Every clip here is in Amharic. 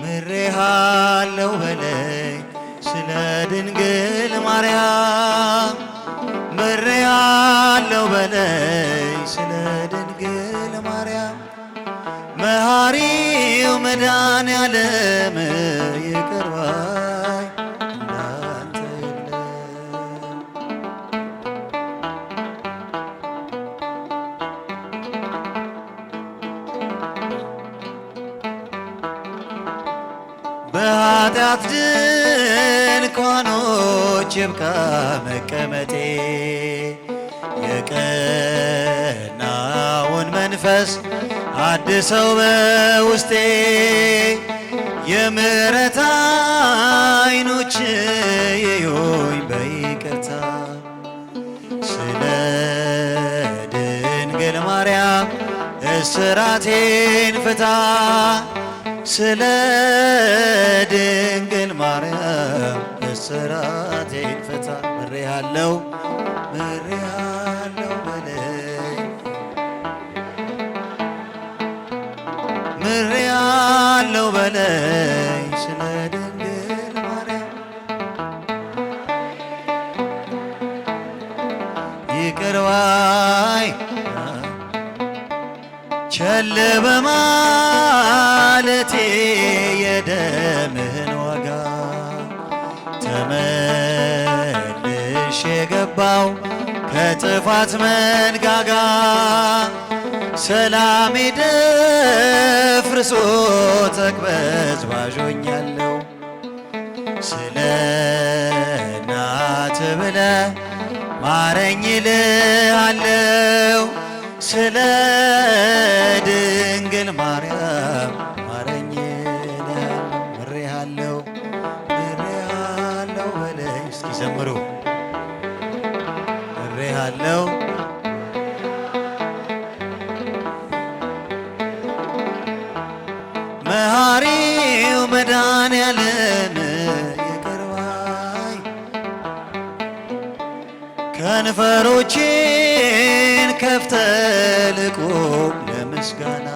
ምሬሃለው በለኝ ስለ ድንግል ማርያም ምሬሃለው በለኝ ስለ ድንግል ማርያም መሃሪው መዳን ያለ ። የኃጢአት ድንኳኖች ይብቃ መቀመጤ የቀናውን መንፈስ አድሰው በውስጤ የምሕረት ዓይኖች ይዩኝ በይቅርታ ስለ ድንግል ማርያም እስራቴን ፍታ ስለ ድንግል ማርያም እስራቴን ፍታ። ምሬሃለው ምሬሃለው በለኝ ምሬሃለው በለኝ ስለ ድንግል ማርያም ይቅርባይ ቸል በማለቴ የደምህን ዋጋ ተመልሽ የገባው ከጥፋት መንጋጋ ሰላሜ ደፍርሶ ተቅበዝባዦኛለሁ ስለ እናት ብለ ማረኝ ልሃለው ስለ ድንግል ማርያም ማረኝ ምሬሃለው ምሬሃለው በለኝ እስኪ ዘምሩ ምሬሃለው መሃሪው መዳን ያለም የቀርባይ ከንፈሮቼ ምስጋና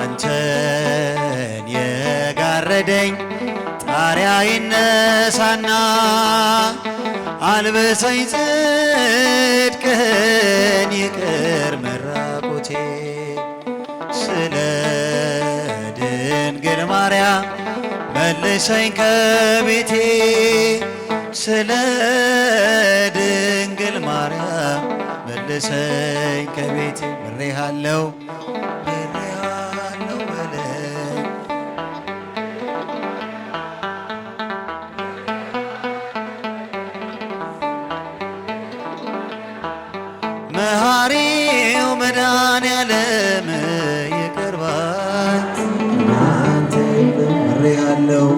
አንተን የጋረደኝ ጣሪያ ይነሳና አልበሰኝ ጽድቅህን ይቅር መራቆቴ ስለ ድንግል ማርያም መልሰኝ ከቤቴ ስለ ድንግል ማርያም መልሰኝ ከቤት ምሬሃለው ምሬሃለው በለኝ መሐሪው መድኃኔዓለም ይቅር ባይ ምሬሃለው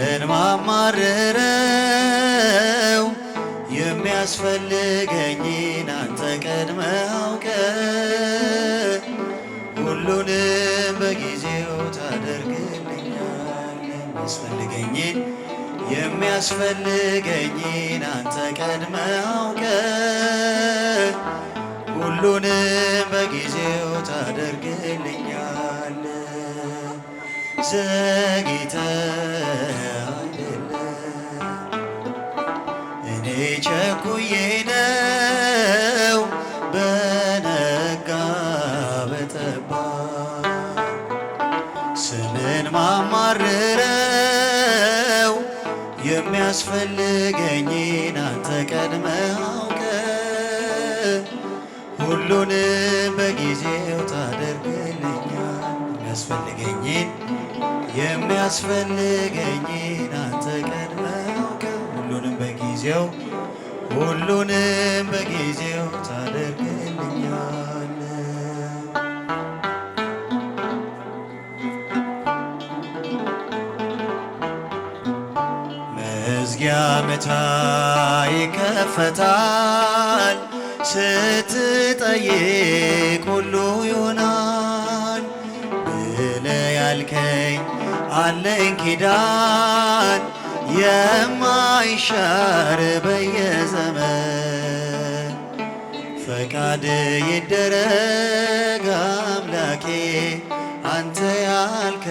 ምን ማማረረው የሚያስፈልገኝን አንተ ቀድመ አውቀ ሁሉንም በጊዜው ታደርግልኛል። የሚያስፈልገኝን የሚያስፈልገኝን አንተ ቀድመ አውቀ ሁሉንም በጊዜው ታደርግልኛል። ዘግይተህ እኔ ቸኩዬ ነው በነጋ በጠባ ስምን ማማርረው የሚያስፈልገኝን አንተ ቀድመህ አውቀህ ሁሉንም በጊዜው ታደርግልኛል የሚያስፈልገኝን የሚያስፈልገኝን አንተ ቀድመህ ሁሉንም በጊዜው ሁሉንም በጊዜው ታደርግልኛል። መዝጊያ መታ ይከፈታል፣ ስትጠይቅ ሁሉ ይሆናል ብለህ ያልከኝ አለኝ ኪዳን የማይሻር በየዘመን ፈቃድ ይደረግ አምላኬ አንተ ያልከ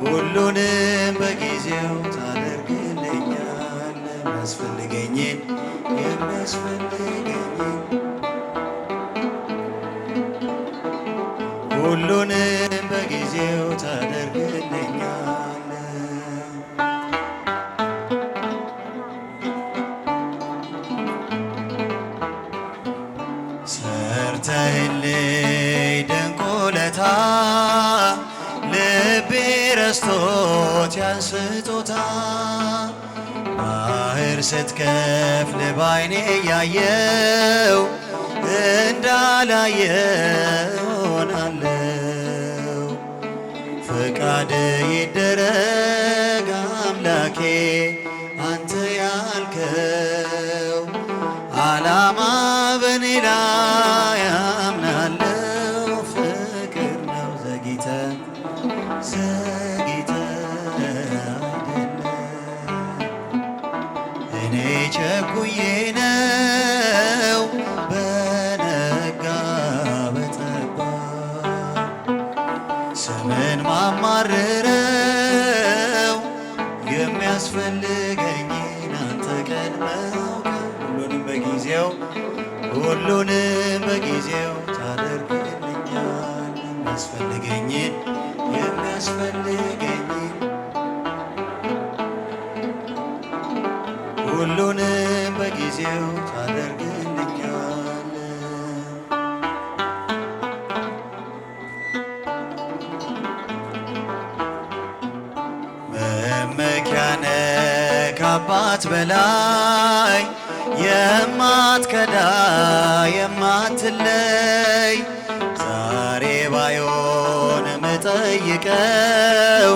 ሁሉንም በጊዜው ታደርግልኛል የሚያስፈልገኝን የሚያስፈልገኝን ሁሉንም በጊዜው ታደ ረስቶት ስጦታ ባህር ስትከፍል ባይኔ ያየው እንዳላየ ሆናለው። ፈቃድ ይደረግ አምላኬ አንተ ያልከው አላማ ስምን ማማርረው የሚያስፈልገኝን አንተ ቀድመህ ሁሉንም በጊዜው ሁሉንም በጊዜው ታደርግልኛል። የሚያስፈልገኝን የሚያስፈልገኝን ሁሉንም በጊዜው ታደርግ ከአባት በላይ የማትከዳ የማትለይ ዛሬ ባይሆን ምጠይቀው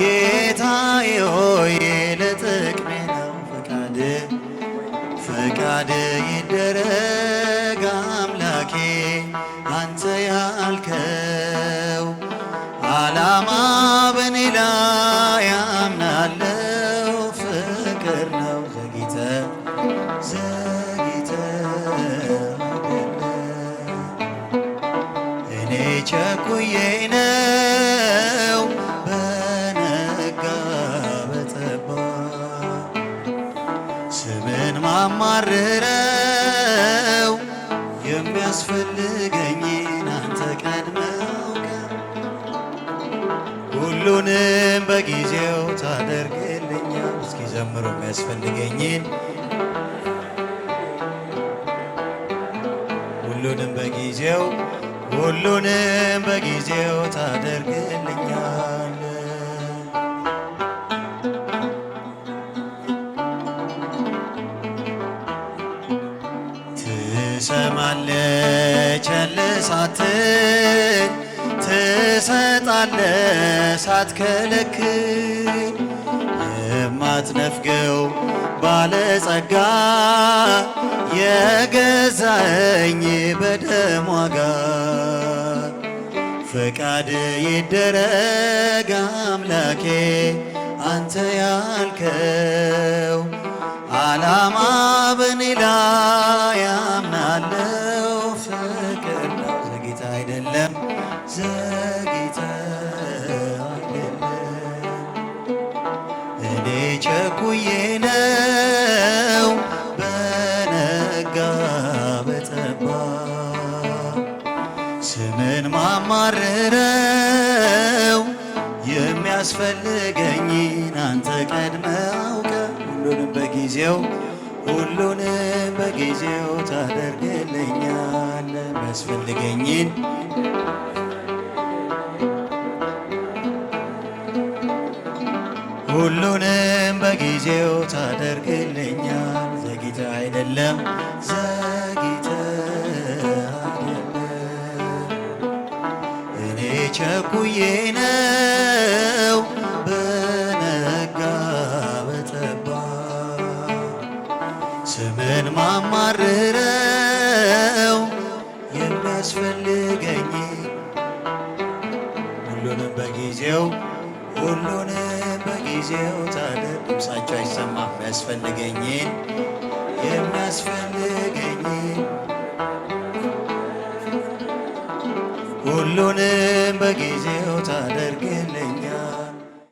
ጌታዬ ሆይ ለጥቅሜ ነው ፈቃድ ፈቃድ ይደረግ አምላኬ አንተ ያልከው አላማ ስምን ማማርረው የሚያስፈልገኝን አንተ ቀድመውቀ ሁሉንም በጊዜው ታደርግልኛል። እስኪ ዘምሮ የሚያስፈልገኝን ሁሉንም በጊዜው ሁሉንም በጊዜው ታደርግልኛል ቸል ሳትል ትሰጣለህ ሳትከለክል የማትነፍገው ባለጸጋ የገዛኸኝ በደም ዋጋ ፈቃድ ይደረግ አምላኬ አንተ ያልከው አላማ በኔ ላይ ውዬ ነው በነጋ በጠባ ስምን ማማርረው የሚያስፈልገኝን አንተ ቀድመ አውቀ ሁሉንም በጊዜው ሁሉንም በጊዜው ታደርግልኛል የሚያስፈልገኝን ሁሉንም በጊዜው ታደርግልኛል። ዘግይተ አይደለም ዘግይተ እኔ ቸኩዬ ነው በነጋ በጠባ ስምን ማማርረው የሚያስፈልገኝ ሁሉንም በጊዜው ሁሉንም በጊዜው ታደ ድምፃቸው አይሰማ የሚያስፈልገኝን የሚያስፈልገኝ ሁሉንም በጊዜው ታደርግን